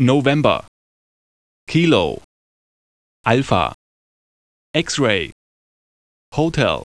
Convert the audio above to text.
November Kilo Alpha X-Ray Hotel